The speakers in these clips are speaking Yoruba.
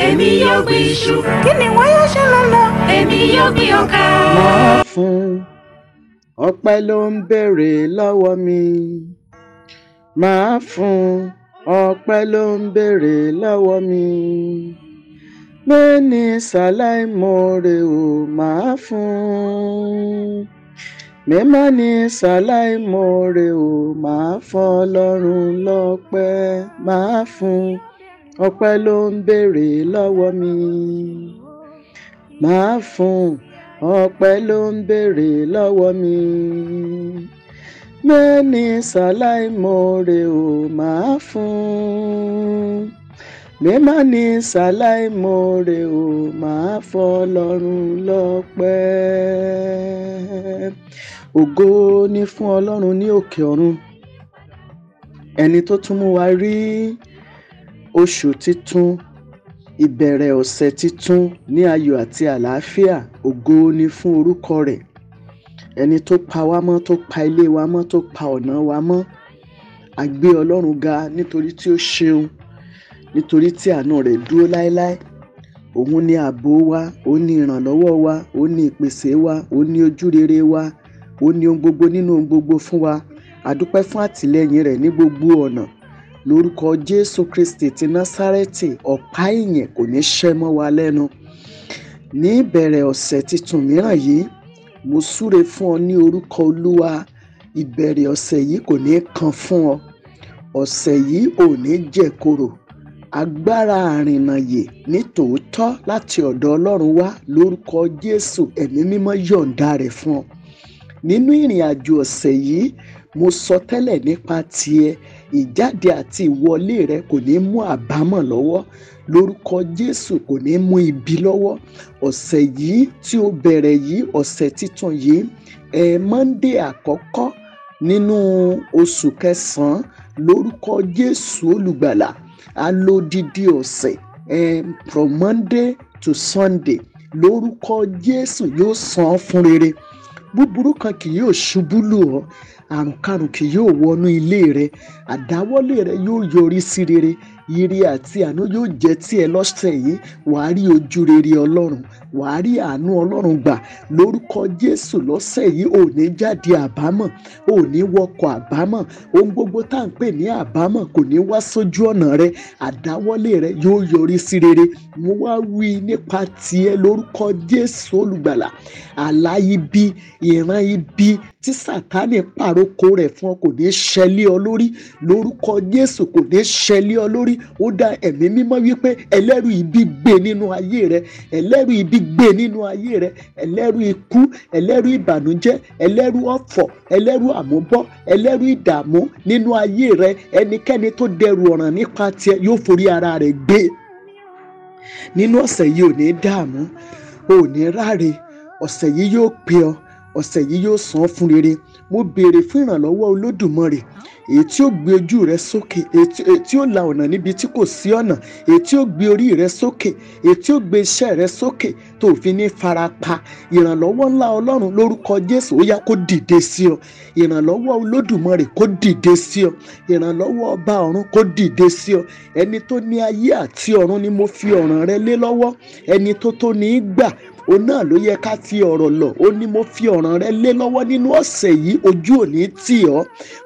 èmi yóò gbin iṣu. kí ni wọ́n yóò ṣe lọ́lọ́. èmi yóò gbin ọkà. máa fún ọpẹ́ ló ń béèrè lọ́wọ́ mi máa fún ọpẹ́ ló ń béèrè lọ́wọ́ mi bẹ́ẹ̀ni sàláì mọ̀ọ́rẹ́ ò máa fún mímọ́ ni sàláì ò máa fọ́ ọlọ́run lọ́pẹ́ máa fún ọpẹ́ ló ń béèrè lọ́wọ́ mi màá fún ọpẹ́ ló ń béèrè lọ́wọ́ mi mẹ́ni ṣàláìmoore ò máa fún mímọ́ ni ṣàláìmoore ò máa fọlọ́run lọ́pẹ́ ògo ni fún ọlọ́run ní òkè ọ̀run ẹni tó tún mú wa rí oṣù titun ìbẹ̀rẹ̀ ọ̀sẹ̀ titun ní ayọ̀ àti àlàáfíà ògo ni fún orúkọ rẹ̀ ẹni tó pa wá mọ́ tó pa ilé wa mọ́ tó pa ọ̀nà wa mọ́ a gbé ọlọ́run ga nítorí tí ó ṣeun nítorí tí àánú rẹ̀ dúró láéláé òun ni ààbò wa òun ni ìrànlọ́wọ́ wa òun ni ìpèsè wa òun ni ojúrere wa òun ni ohun gbogbo nínú ohun gbogbo fún wa a fún àtìlẹ́yìn rẹ̀ ní gbogbo ọ̀nà lórúkọ jésù kristi ti násárẹ́tì ọ̀pá ìyìn kò ní ṣẹ́ mọ́ wa lẹ́nu ní ìbẹ̀rẹ̀ ọ̀sẹ̀ tuntun mìíràn yìí mo súre fún ọ ní orúkọ olúwa ìbẹ̀rẹ̀ ọ̀sẹ̀ yìí kò ní kan fún ọ ọ̀sẹ̀ yìí ò ní jẹ korò agbára àrìnàyè ní tòótọ́ láti ọ̀dọ̀ ọlọ́run wá lórúkọ jésù ẹ̀mí mímọ́ yọ̀ǹda rẹ̀ fún ọ nínú ìrìn àjò ọ̀sẹ̀ yìí mo sọ tẹ́lẹ̀ nípa tiẹ̀ ìjáde àti ìwọlé rẹ kò ní mú àbámọ̀ lọ́wọ́ lórúkọ Jésù kò ní mú ibi lọ́wọ́ ọ̀sẹ̀ yìí tí ó bẹ̀rẹ̀ yìí ọ̀sẹ̀ titun yìí ẹ̀ Monday àkọ́kọ́ nínú oṣù kẹsàn-án lórúkọ Jésù olùgbàlà a lò dídí ọ̀sẹ̀ ẹ̀ from Monday to Sunday lórúkọ Jésù yóò san án fún rere búburú kan kì yóò ṣubú lù ọ́ àrùnkárùn kì yóò wọnú ilé rẹ àdáwọ́lé rẹ yóò yọrí sí rere ire àti àánú yóò jẹ́ tiẹ̀ lọ́sẹ̀ yìí wàá rí ojú rere Ọlọ́run wàá rí àánú ọlọ́run gbà lórúkọ jésù lọ́sẹ̀ yìí ò ní jáde àbámọ̀ ò ní wọkọ̀ àbámọ̀ ohun gbogbo tá à ń pè ní àbámọ̀ kò ní wá sójú ọ̀nà rẹ àdáwọ́lé rẹ yóò yọrí sí rere mo wá wí nípa tiẹ̀ lórúkọ jésù olùgbàlà àlá ibi ìran ibi tí sátánì pàrókò rẹ̀ fún ọ kò ní ṣẹlẹ̀ ọ lórí lórúkọ jésù kò ní ṣẹlẹ̀ ọ lórí ó dá ẹ̀mí mímọ́ wípé ẹlẹ́rù ibi gbé nínú ayé rẹ ẹlẹ́rù ibi kígbe nínú ayé rẹ ẹlẹ́rú ikú ẹlẹ́rú ìbànújẹ́ ẹlẹ́rú ọ̀fọ̀ ẹlẹ́rú àmúbọ́ ẹlẹ́rú ìdààmú nínú ayé rẹ ẹnikẹ́ni tó dẹrù ọ̀ràn nípa tiẹ̀ yóò forí ara rẹ gbé nínú ọ̀sẹ̀ yìí ò ní dààmú ò ní ráre ọ̀sẹ̀ yìí yóò pè ọ́ ọ̀sẹ̀ yìí yóò san fún rere mo béèrè fún ìrànlọ́wọ́ olódùmarè èyí tí ó gbé ojú rẹ sókè èyí tí ó la ọ̀nà níbi tí kò sí ọ̀nà èyí tí ó gbé orí rẹ sókè èyí tí ó gbé iṣẹ́ rẹ sókè tó fi ní farapa ìrànlọ́wọ́ ńlá ọlọ́run lórúkọ jésù ó yá kó dìde sí ọ ìrànlọ́wọ́ olódùmarè kó dìde sí ọ ìrànlọ́wọ́ ọba ọ̀run kó dìde sí ọ ẹni tó ní ayé àti ọ̀run ni mo fi ọ̀ràn rẹ lé lọ́wọ́ ẹni tó tó ní í gbà O náà ló yẹ ká fi ọ̀rọ̀ lọ ó ní mo fi ọ̀ràn rẹ lé lọ́wọ́ nínú ọ̀sẹ̀ yìí ojú ò ní tì ọ́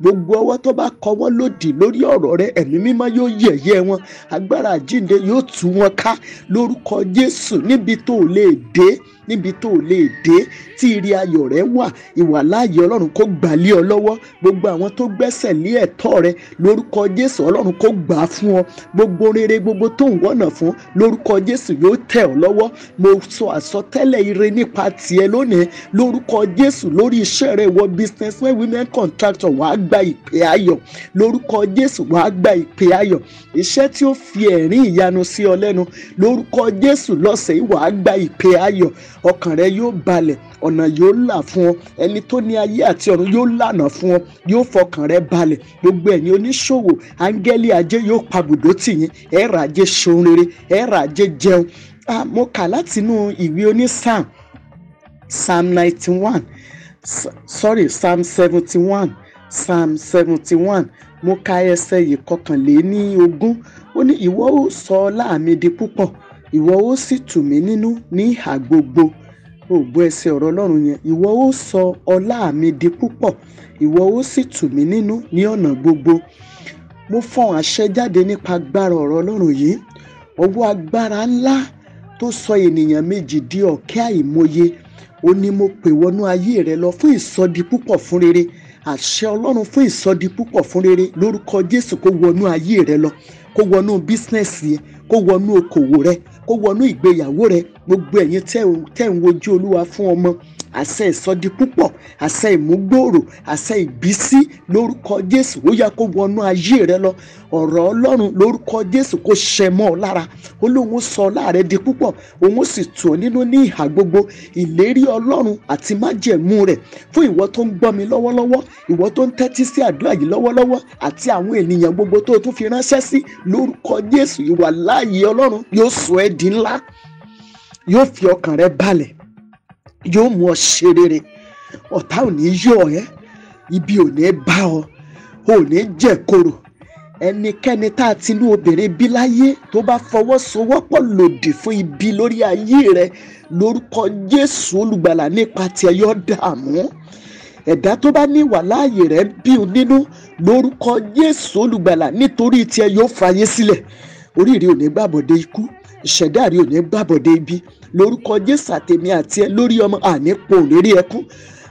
gbogbo ọwọ́ tó bá kọwọ́ lòdì lórí ọ̀rọ̀ rẹ ẹ̀mí mímọ́ yóò yẹ̀yẹ́ wọn agbára àjínde yóò tú wọn ká lórúkọ Jésù níbi tó lè dé níbi tó lè dé tí ìrì ayọ̀ rẹ wà ìwàláàyè Ọlọ́run kó gbà lé ọ lọ́wọ́ gbogbo àwọn tó gbẹ́sẹ̀ lé ẹ̀tọ́ rẹ lórúkọ Jésù Ọlọ́run kó gbà fún ọ gbogbo rere gbogbo tó ń wọ́nà fún lórúkọ Jésù yóò tẹ̀ ọ́ lọ́wọ́ mo sọ àsọ àsọtẹ́lẹ̀ ire nípa tiẹ̀ lónìí lórúkọ Jésù lórí iṣẹ́ rẹ̀ wọ businessmen women contractor wàá gba ìpè ayọ̀ lórúkọ Jésù wàá gba ìpè ayọ̀ iṣẹ́ tí ó fi ẹ̀rín ìyanu sí ọ lẹ́nu lórúkọ Jésù lọ́sẹ̀ yìí wàá gba ìpè ayọ̀ ọkàn rẹ yóò balẹ̀ ọ̀nà yóò là fún ọ ẹni tó ní ayé àti ọ̀run yóò lànà fún ọ yóò fọkàn rẹ balẹ̀ gbogbo ẹ̀yin oníṣòwò áńgẹ́lì ajé yóò pabùdó tì yín ẹ̀rọ ajé ṣoun jẹun ah, mo kà látinú ìwé onísàm psalm ninety one sorry psalm seventy one psalm seventy one mo ka ẹsẹ̀ yìí kọkànléní ogún ó ní ìwọ ó sọ ọlá mi di púpọ̀ ìwọ ó sì tù mí nínú ní ìhà gbogbo ògbó ẹsẹ̀ ọ̀rọ̀ Ọlọ́run yẹn ìwọ ó sọ ọlá mi di púpọ̀ ìwọ ó sì tù mí nínú ní ọ̀nà gbogbo mo fọ́n àṣẹ jáde nípa agbára ọ̀rọ̀ Ọlọ́run yìí ọwọ́ agbára ńlá tó sọ ènìyàn méjì di ọ̀kẹ́ àìmọye ó ní mo pè wọnú ayé rẹ lọ fún ìsọdi púpọ̀ fún rere àṣẹ ọlọ́run fún ìsọdi púpọ̀ fún rere lórúkọ jésù kó wọnú ayé rẹ lọ kó wọnú bísínẹ́sì yẹn kó wọnú okòwò rẹ kó wọnú ìgbéyàwó rẹ gbogbo ẹ̀yin tẹ́ ń wojú olúwa fún ọmọ àṣẹ ìsọdi púpọ̀ àṣẹ ìmúgbòòrò àṣẹ ìbísí lórúkọ jésù ó yá kó wọnú ayé rẹ lọ ọ̀rọ̀ ọlọ́run lórúkọ jésù kó ṣẹ mọ́ ọ lára ó lóun sọ láàrẹ di púpọ̀ òun sì tù ọ́ nínú ní ìhà gbogbo ìlérí ọlọ́run àti májẹ̀mú rẹ̀ fún ìwọ tó ń gbọ́ mi lọ́wọ́lọ́wọ́ ìwọ tó ń tẹ́tí sí àdúrà yìí lọ́wọ́lọ́wọ́ àti àwọn ènìyàn gbogbo tó tún fi ránṣẹ́ sí lórúkọ jésù ìwà láàyè ọlọ́run yóò sọ ẹ́ di ńlá yóò fi ọkàn rẹ balẹ̀ yóò mú ọ ṣe rere ọ̀tá ò ní yọ ẹ́ ibi ò ní bá ọ ò ní jẹ korò ẹnikẹ́ni tá a ti inú obìnrin bí láyé tó bá fọwọ́sowọ́pọ̀ lòdì fún ibi lórí ayé rẹ lórúkọ Jésù olùgbàlà nípa tiẹ̀ yọ dààmú ẹ̀dá tó bá ní wàláàyè rẹ̀ bí o nínú lórúkọ Jésù olùgbàlà nítorí tiẹ̀ yóò fàyè sílẹ̀ oríire ò ní gbàbọ̀dé ikú ìṣẹ̀dá rí òní gbàbọ̀dé ibi lórúkọ jésù àtèmi àti ẹ lórí ọmọ àní pò lérí ẹkún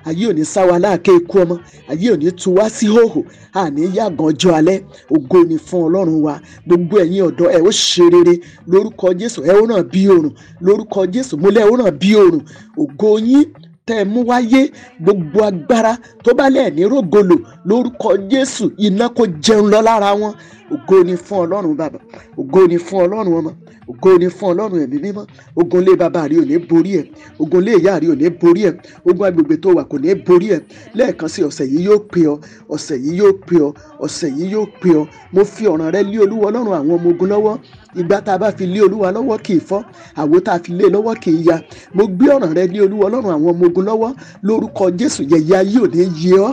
ayé òní sáwa láàké ikú ọmọ ayé òní tú wá sí hòhò àní yàgàn ọjọ́ alẹ́ ògo ni fún ọlọ́run wa gbogbo ẹ̀yin ọ̀dọ́ ẹ ó ṣe rere lórúkọ jésù ẹ ó ràn bí òrùn lórúkọ jésù múlẹ̀ ó ràn bí òrùn ògo yín tẹ́ ẹ mú wáyé gbogbo agbára tó bá lẹ̀ ní rògbòlò lórúkọ Jésù iná kó jẹun lọ lára wọn ògo ni fún Ọlọ́run bàbá ògo ni fún Ọlọ́run ọmọ ògo ni fún Ọlọ́run ẹ̀mí mímọ́ ogun lé bàbá rí ò ní borí ẹ̀ ogun lé ìyá rí ò ní borí ẹ̀ ogun agbègbè tó wà kò ní borí ẹ̀ lẹ́ẹ̀kan sí ọ̀sẹ̀ yìí yóò pè ọ́ ọ̀sẹ̀ yìí yóò pè ọ́ ọ̀sẹ̀ yìí yóò pè ọ́ mo fi ọ̀ràn rẹ lé Olúwa àwọn ọmọ ogun lọ́wọ́ ìgbà tá a bá fi lé olúwa lọ́wọ́ kì í fọ́ àwo tá a fi lé e lọ́wọ́ kì í ya mo gbé ọ̀ràn rẹ lé olúwa ọlọ́run àwọn ọmọ ogun lọ́wọ́ lórúkọ jésù yẹ̀yẹ́ ayé ò ní yé ọ́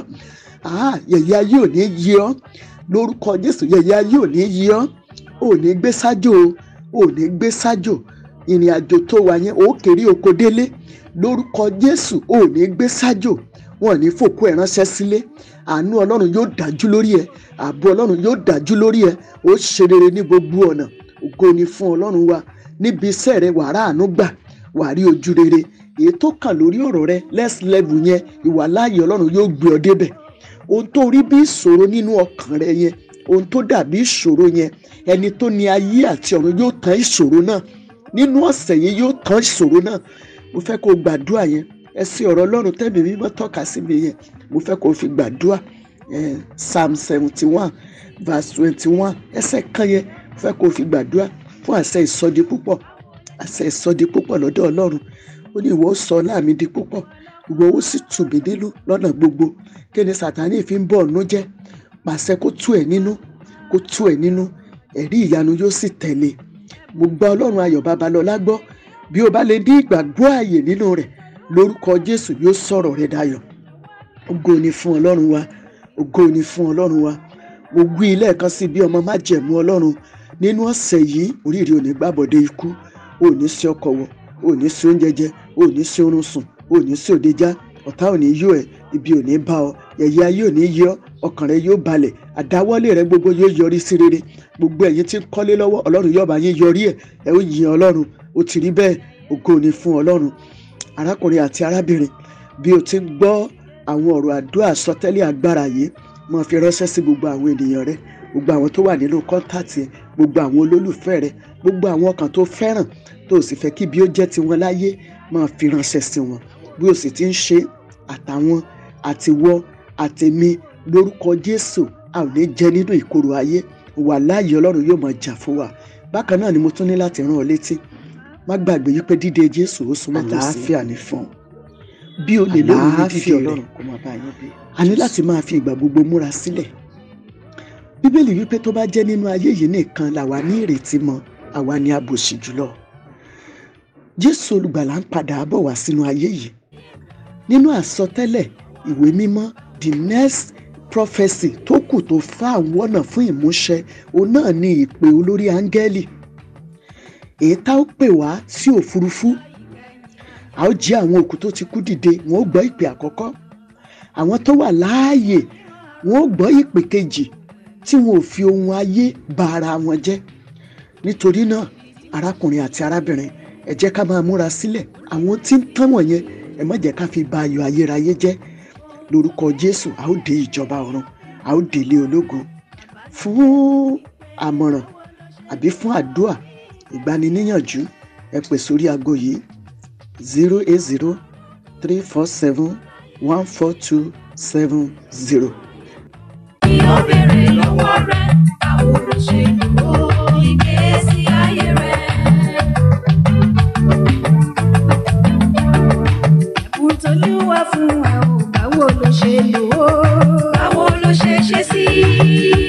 ah, yẹ̀yẹ́ ayé ò ní yé ọ́ lórúkọ jésù yẹ̀yẹ́ ayé ò ní yé ọ́ ò ní gbé sájò ò ní gbé sájò ìrìn àjò tó wà yẹn ó kéré oko délé lórúkọ jésù ò ní gbé sájò wọn ní fòkú ẹ ránṣẹ́ sílé àánú ọlọ́run yóò dájú lórí ẹ ààbò ọlọ́run yóò dájú lórí ẹ ó ṣe rere ní gbogbo ọ̀nà ògo ni fún ọlọ́run wa níbi iṣẹ́ rẹ wàrà àánú gbà wàá rí ojú rere èyí tó kàn lórí ọ̀rọ̀ rẹ next level yẹn ìwà láàyè ọlọ́run yóò gbé ọ débẹ̀ ohun tó rí bí ìṣòro nínú ọkàn rẹ yẹn ohun tó dàbí ìṣòro yẹn ẹni tó ní ayé àti ọ̀run yóò tán ìṣòro náà nínú ọ̀sẹ̀ yìí yóò tán ìṣòro náà mo fẹ́ kó gbàdúrà yẹn ẹ sí ọ̀rọ̀ ọlọ́run tẹ́mi mímọ́ tọ́ka sí mi yẹn mo fẹ́ kó fi gbàdúrà psalm seventy one verse twenty one ẹsẹ̀ kan yẹn fẹ́ kó fi gbàdúrà fún àṣẹ ìsọdi púpọ̀ àṣẹ ìsọdi púpọ̀ lọ́dọ̀ ọlọ́run ó ní ìwọ sọ láàmì di púpọ̀ ìwọ ó sì tù mí nínú lọ́nà gbogbo kí ni sàtánì fi ń bọ̀ ọ̀nú jẹ́ pàṣẹ kó tú ẹ̀ nínú kó tú ẹ̀ nínú ẹ̀rí ìyanu yóò sì tẹ̀lé mo gba ọlọ́run ayọ̀ babalọ́lá gbọ́ bí o bá lè dí ìgbàgbọ́ ààyè nínú rẹ̀ lórúkọ jésù yóò sọ̀rọ̀ rẹ̀ dayọ̀ ògo ni fún ọlọ́run wa ògo ni fún ọlọ́run wa mo gbé ilé ẹ̀kan sí bí ọmọ májẹ̀mú ọlọ́run nínú ọ̀sẹ̀ yìí oríire ò ní gbàbọ̀dé ikú ò ní sí ọkọ̀ wọ̀ ò ní sí oúnjẹ jẹ ò ní sí oorun sùn ò ní sí òde já ọ̀tá ò ní yó ẹ̀ ibi ò ní bá ọ ẹ̀yẹ ayé ò ní yí ọ ọkàn rẹ yóò balẹ̀ àdáwọ́lé rẹ gbogbo yóò yọrí sí rere gbogbo ẹ̀yin tí ń kọ́lé lọ́wọ́ ọlọ́run yóò bá yín yọrí ẹ̀ ẹ ó yin ọlọ́run ó ti rí bẹ́ẹ̀ ògo ni fún ọlọ́run arákùnrin àti arábìnrin bí o ti ń gbọ́ àwọn ọ̀rọ̀ àdúrà sọtẹ́lẹ̀ agbára yìí máa fi ránṣẹ́ sí gbogbo àwọn ènìyàn rẹ gbogbo àwọn tó wà nínú kọ́ńtàtì ẹ gbogbo àwọn olólùfẹ́ rẹ gbogbo àwọn ọkàn tó fẹ́ràn tó sì fẹ́ kí bí ó jẹ́ tiwọn láyé máa fi ránṣẹ́ sí wọn bí ó sì ti ń ṣe àtàwọn àtiwọ́ àtèmi lórúkọ Jésù a ò ní jẹ nínú ìkorò ayé wà láàyè Ọlọ́run yóò máa jà fún wa bákan náà ni mo tún ní láti rán ọ létí má gbàgbé yí pé dídé Jésù ó súnmọ́ tòsí àlàáfíà ní fún ọ bí o lè lóyún ní bíbí ọlọ́run kó máa bá yín bí. a ní láti máa fi ìgbà gbogbo múra sílẹ̀ bíbélì wípé tó bá jẹ́ nínú ayé yìí nìkan làwa ní ìrètí mọ àwa ní abòsí jùlọ jésù olùgbàlà ń padà bọ̀ wá sínú ayé yìí nínú àsọtẹ́lẹ̀ ìwé mímọ́ the next prophecy tó kù tó fá àwọn ọ̀nà fún ìmúṣẹ òun náà ní ìpè olórí áńgẹ́lì èyí tá ó pè wá sí òfurufú a ó jí àwọn òkú tó ti kú dìde wọn ó gbọ́ ìpè àkọ́kọ́ àwọn tó wà láàyè wọn ó gbọ́ ìpè kejì tí wọn ò fi ohun ayé bà ara wọn jẹ́ nítorí náà arákùnrin àti arábìnrin ẹ jẹ́ ká máa múra sílẹ̀ àwọn tí ń tán wọ̀nyẹn ẹ má jẹ́ ká fi ba ayọ̀ ayérayé jẹ́ lórúkọ Jésù a ó dé ìjọba ọ̀run a ó délé ológun fún àmọ̀ràn àbí fún àdúà ìgbaniníyànjú ẹ pè sórí aago yìí zero eight zero three four seven one four two seven zero. àwọn olóṣèlú ṣe sí i.